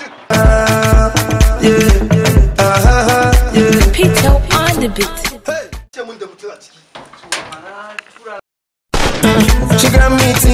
yeah, on the beat.